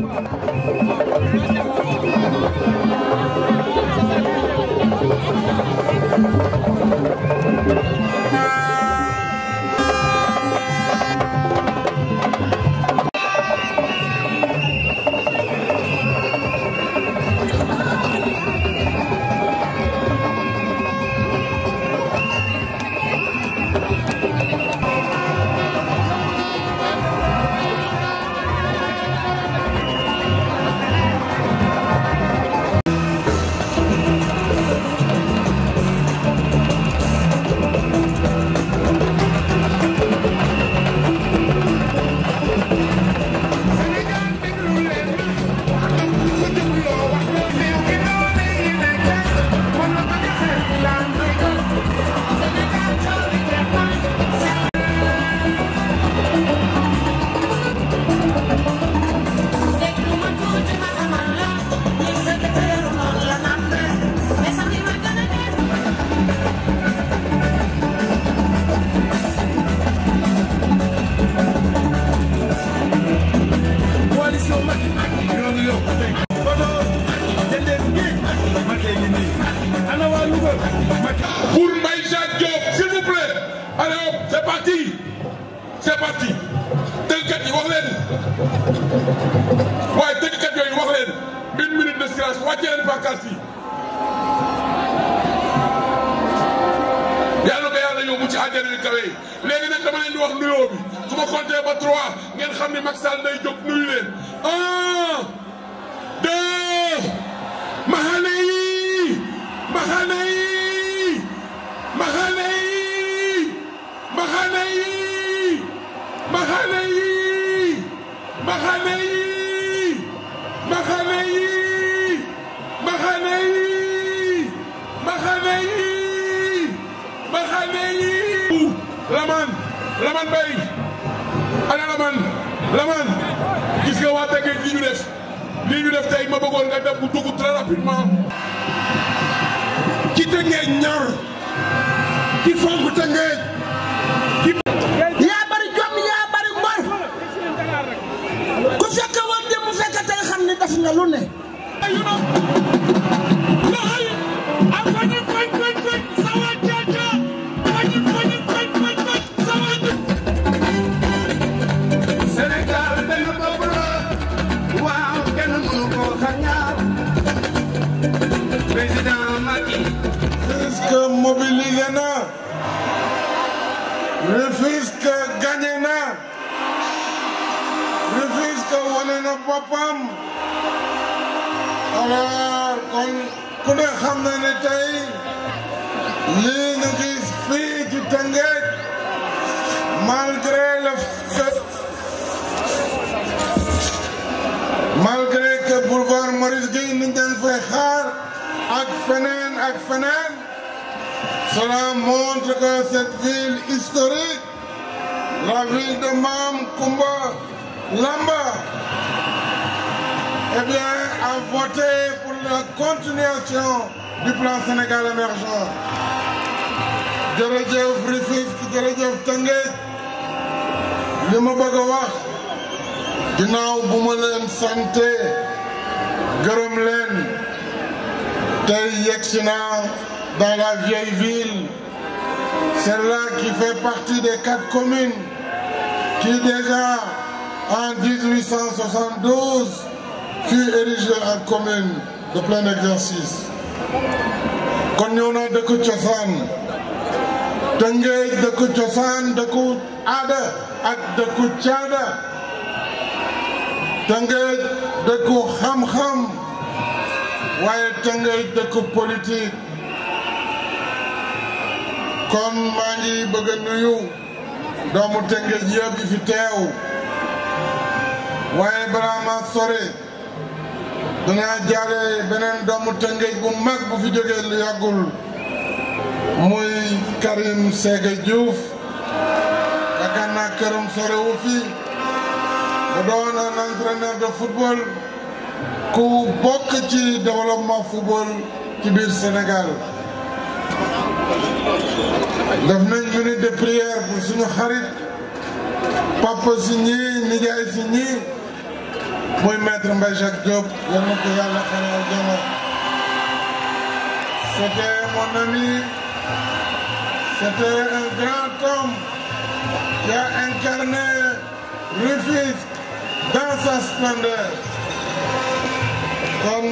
Thank you. daraja yu kawe yi léegi nag dama leen di wax nuyoo bi su ma compter ba trois ngeen xam ni Macky Sall day jóg nuyu leen un deux maxane yi maxane yi maxane yi maxane yi maxane yi maxane yi mbay ana laman laman gis li ñu def li ñu def tey ma bëggoon nga dem bu dugg très rapidement ki Tëngéej ñor ki fonk Tëngéej boppam alors kon ku ne xam na ne tey lii ñu gis fii ci Tëngéej malgré le fait malgré que boulevard Maurice Guèye fay xaar ak feneen ak feneen cela montre que cette ville historique la ville de Mame Lamba eh bien, à voter pour la continuation du plan Sénégal émergent. de Rufisque jërëjëf de li ma de a wax ginnaaw santé de leen dans la vieille ville celle-là qui fait partie des quatre communes qui déjà en 1872 fii érigé en commune de plein exercice kon ñëw na dëkk cosaan Tëngéej dëkk cosaan dëkku ada ak dëkku caada Tëngéej dëkku xam-xam waaye Tëngéej dëkku politique kon maa ngi bëgg a nuyu doomu Tëngéej yëpp yi fi teew waaye balaa sore dañaa jaaree beneen doomu tëngéej bu mag bu fi jógee lu yàggul muy Karim Séga Diouf yaakaar naa këram sorewu fi bu doon de football ku bokk ci développement football ci biir Sénégal def nañ minute de prière pour suñu xarit papa si nijaay si muy maître Mbaye Jacques Diop ko c'était mon ami c'était un grand homme qui a incarné fils dans sa splendeur Comme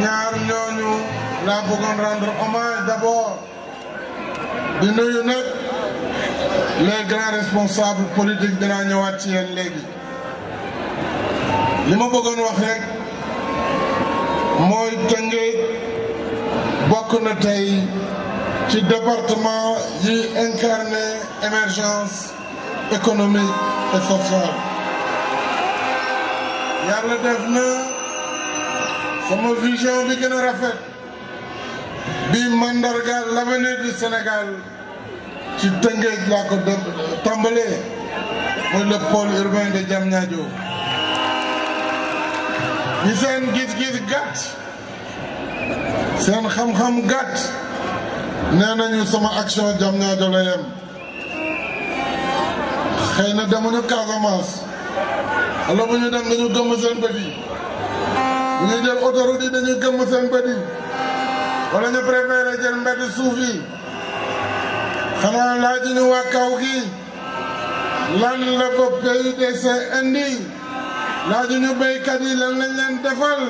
ñaar ñooñu laa bëggoon rendre hommage d'abord à nuyu responsable les grands responsables politiques de ñëwaat ci li ma bëggoon wax rek mooy Tëngéej bokk na tey ci département yi incarné émergence économique et sociale yàlla def na sama vision bi gën a rafet bi mandargal l'avenir du Sénégal ci Tëngéej laa ko tàmbalee mooy le pôle urbain de Diamniadio ñi seen gis-gis gàtt seen xam-xam gàtt nee nañu sama action jam ñaajo la yem xëy na demuñu Casamance wala bu ñu dem dañu gëmm seen bët yi bu ñu jël autoroute yi dañu gëmm seen bët yi wala ñu préféré jël mbedd suuf yi xanaa laajuñu waa kaw gi lan la ko PUDC indi laajuñu béykat yi lan leen defal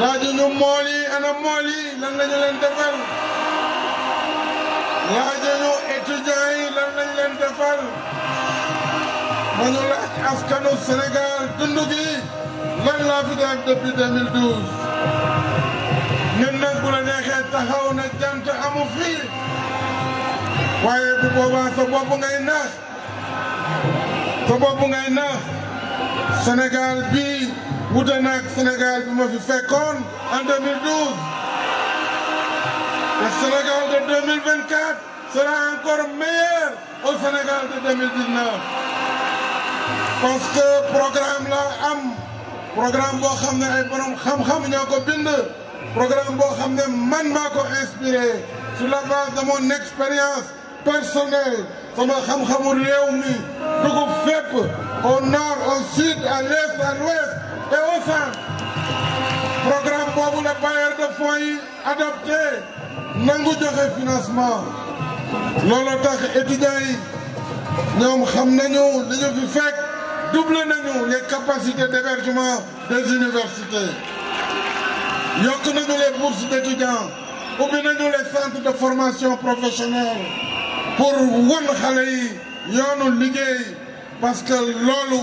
laajuñu mool yi ana mool lan leen defal laajuñu étudiants yi lan leen defal ma ñu laaj askanu Sénégal dund lan laa fi def depuis 2012 ñun nag la neexee taxaw na jant amu fi waaye bu boobaa sa bopp nax sa bopp nax. senegal bi wute naag Sénégal bi ma fi fekkoon en 2012 le Sénégal de 2024 sera encore meilleur au Sénégal de 2019 parce que programme la am programme boo xam ne ay borom xam-xam ñoo ko bind programme boo xam ne man maa ko inspiré sur la base de mon expérience personnelle sama xam-xamu réew mi au nord, au sud, à l'est, à l'ouest et au centre. Programme pour la bailleur de foyers adapté, adopté nous avons financement nous étudiant. étudiants nous avons xam nañu double les capacités d'hébergement des universités Nous avons les bourses d'étudiants nous avons les centres de formation professionnelle pour won xale yoonu liggéey parce que que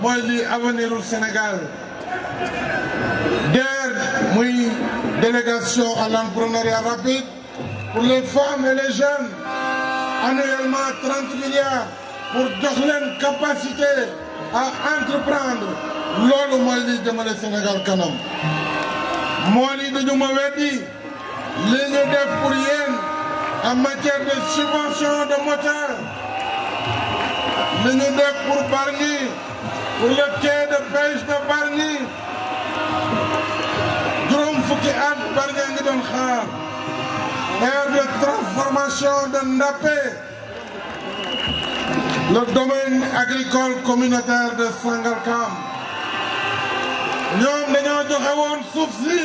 moy li avenir au Sénégal DER délégation à l'entrepreneuriat rapide pour les femmes et les jeunes annuellement 30 milliards pour donner capacité à entreprendre loolu mooy lii au Sénégal kanam moy li dañu ma weddi li ñu def pour yeen en matière de subvention de moteur li ñu nekk pour Bargny pour le quai fukki at Bargny a ngi doon xaar aire de transformation de Ndapé le domaine agricole communautaire de Sangalkam ñoom dañoo joxe woon suuf si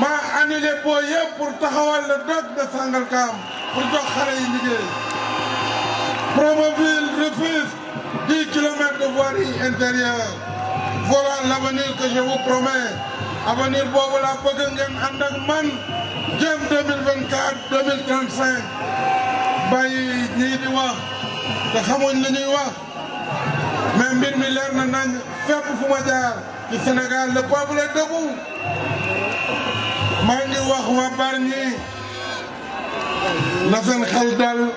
ma annulé boo yëpp pour taxawal le de Sangalkam pour jox xale yi liggéey Promoville Rufisque 10 km de voirie intérieure voilà l'avenir que je vous promets avenir Bobola, la bëgg ngeen 2024 2035 bàyyi ñii di wax te Même li ñuy wax mais mbir mi Sénégal le peuple est debout Mangiwa, ngi wax waa Bargny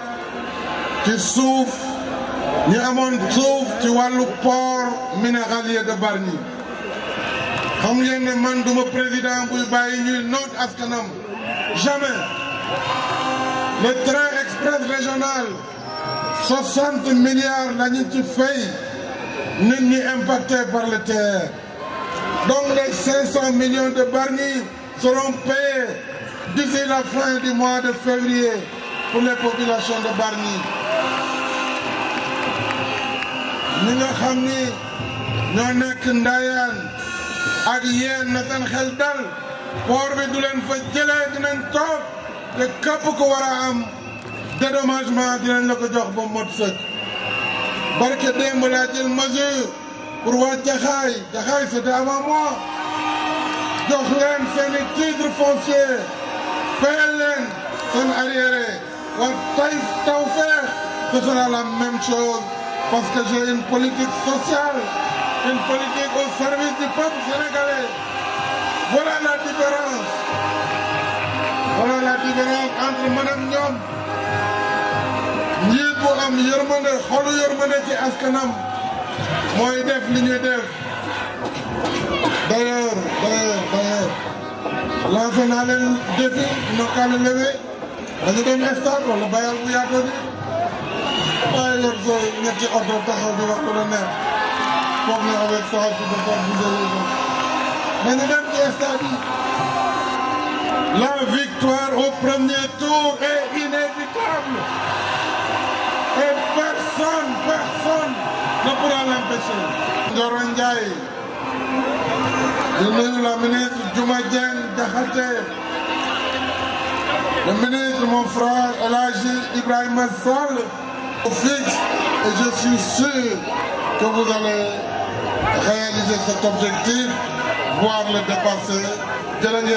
qui souffre. Nous avons trouvé le port minéralier de Barni. xam ngeen ne man président buy bàyyi ñuy askanam jamais le train express régional 60 milliards d'années de fait n'est pas impacté par le terre. donc les 500 millions de Barni seront payés d'ici la fin du mois de février pour les populations de Barnier. ñi nga xam ni ñoo nekk Ndayane ak yéen na seen xel dal port bi du leen fa jëlee dinañ toog te képp ku war a am dédommagement dinañ la ko jox ba mot sëkk barke démb laa jël mesure pour waa Jaxaay Jaxaay c'était avant moi jox leen seen i titre foncier fayal leen seen arriéré wa tay taw feex ce sera la même chose parce que j'ai une politique sociale, une politique service du peuple sénégalais. Voilà la différence. Voilà la différence entre Madame Ñoom njiit bu am yërmande xolu yërmande mooy def li ñuy def d'ailleurs d'ailleurs d'ailleurs lancé naa leen défi ñoo kaa leen wala bayal bu yaatoo la victoire au premier tour est inévitable et personne personne ne pourra l'empêcher Ndioro le la ministre Diouma Dieng le ministre mon frère El Ibrahim Ibrahima Sall fixe et je suis sûr que vous allez réaliser cet objectif, voire le dépasser. de la la,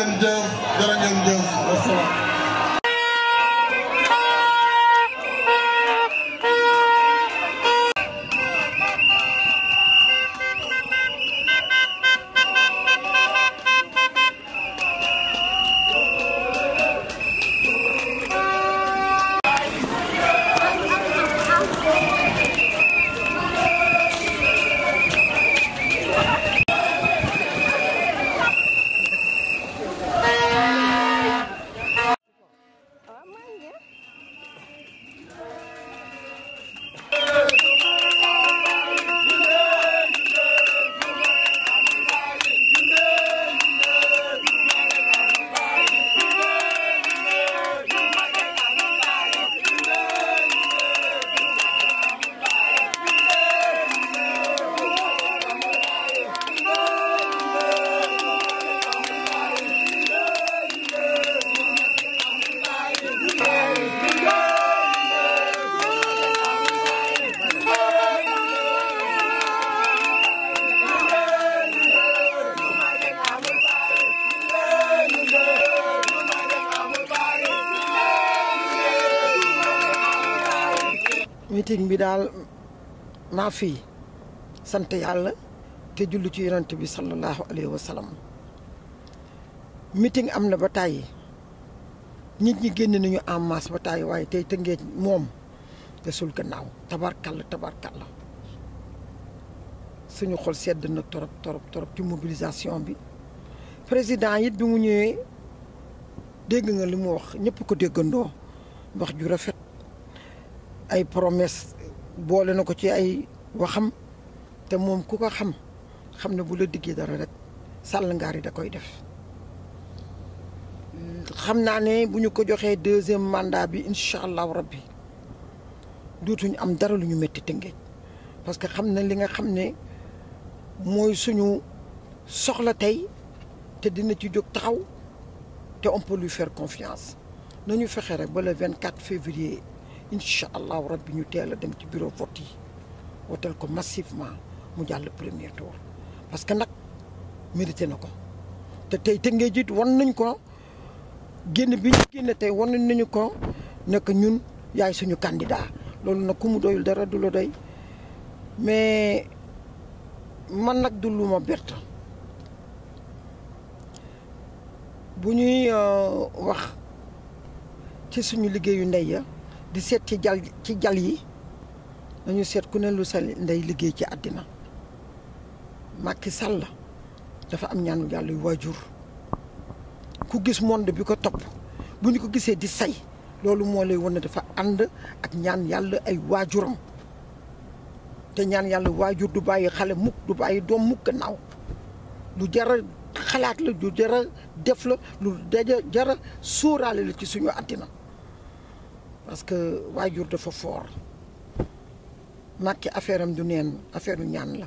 meeting bi daal naa fii sant yàlla te julli ci yonent bi sallallahu alayhi wa sallam am na ba tàyyi nit ñi génn nañu en masse waaye tey Tëngéej moom desul gannaaw tabarkalla tabarkalla suñu xol sedd na torop torop torop ci mobilisation bi président it bi mu ñëwee dégg nga li mu wax ñëpp ko déggandoo wax ju rafet. ay promesse boole na ko ci ay waxam te moom ku ko xam xam ne bu la diggee dara rek sàll ngaar yi da koy def xam naa ne bu ñu ko joxee deuxième mandat bi incha allahu rabbi dootuñu am dara lu ñu métti tëngeej parce que xam na li nga xam ne mooy suñu soxla tey te dina ci jóg taxaw te on peut lui faire confiance nañu fexe rek ba le 24 février incha allahu bi ñu teel a dem ci bureau vote yi woteel ko massivement mu jàll premier tour parce que nag mérité na ko te tey te ngay jiit wan nañ ko génn bi ñu génn tey wan nañu ko nekk ñun yaay suñu candidat loolu nag ku mu doyul dara du la doy mais man nag du lu ma bett bu ñuy euh, wax ci suñu liggéeyu ndey ya di seet ci jal ci jal yi nañu seet ku ne lu sa ndey liggéey ci àddina Macky Sall dafa am ñaan yàlla yu waajur ku gis monde bi ko topp bu ñu ko gisee di say loolu moo lay won ne dafa ànd ak ñaan yàlla ay waajuram te ñaan yàlla waajur du bàyyi xale mukk du bàyyi doom mukk gannaaw lu jara xalaat la lu jara def la lu daja jara sóoraale la ci suñu àddina parce que waajur dafa foor Macky affaire am du neen affaire du ñaan la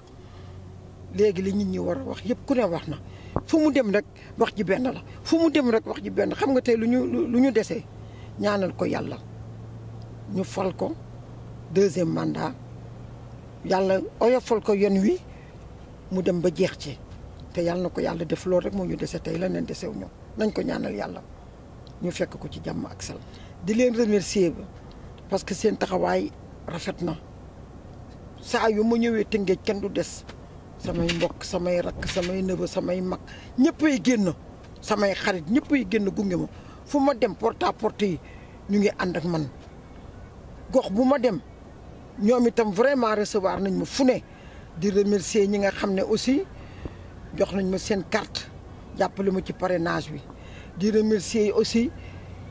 léegi li nit ñi war a wax yëpp ku ne wax na fu mu dem rek wax ji benn la fu mu dem rek wax ji benn xam nga tey lu ñu lu ñu desee ñaanal ko yàlla ñu fal ko deuxième mandat yàlla oyofal ko yoon wi mu dem ba jeex ci te yàlla na ko yàlla def loolu rek moo ñu desee tey la neen desew ñoom nañ ko ñaanal yàlla ñu fekk ko ci jàmm ak salaam di leen remercier parce que seen taxawaay rafet na saa yu ma ñëwee Tëngéej kenn du dess samay mbokk samay rak samay nëba samay mak ñeppay génn samay xarit ñeppay génn gungé mo fu ma dem porte à porte yi ñu ngi and ak man gox bu ma dem ñoom itam vraiment recevoir nañ ma fu di remercier ñi nga xam aussi jox nañ ma seen carte jàppale ma ci parrainage bi di remercier aussi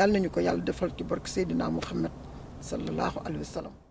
يالنا نيوكو يالا ديفال تي برك سيدنا محمد صلى الله عليه وسلم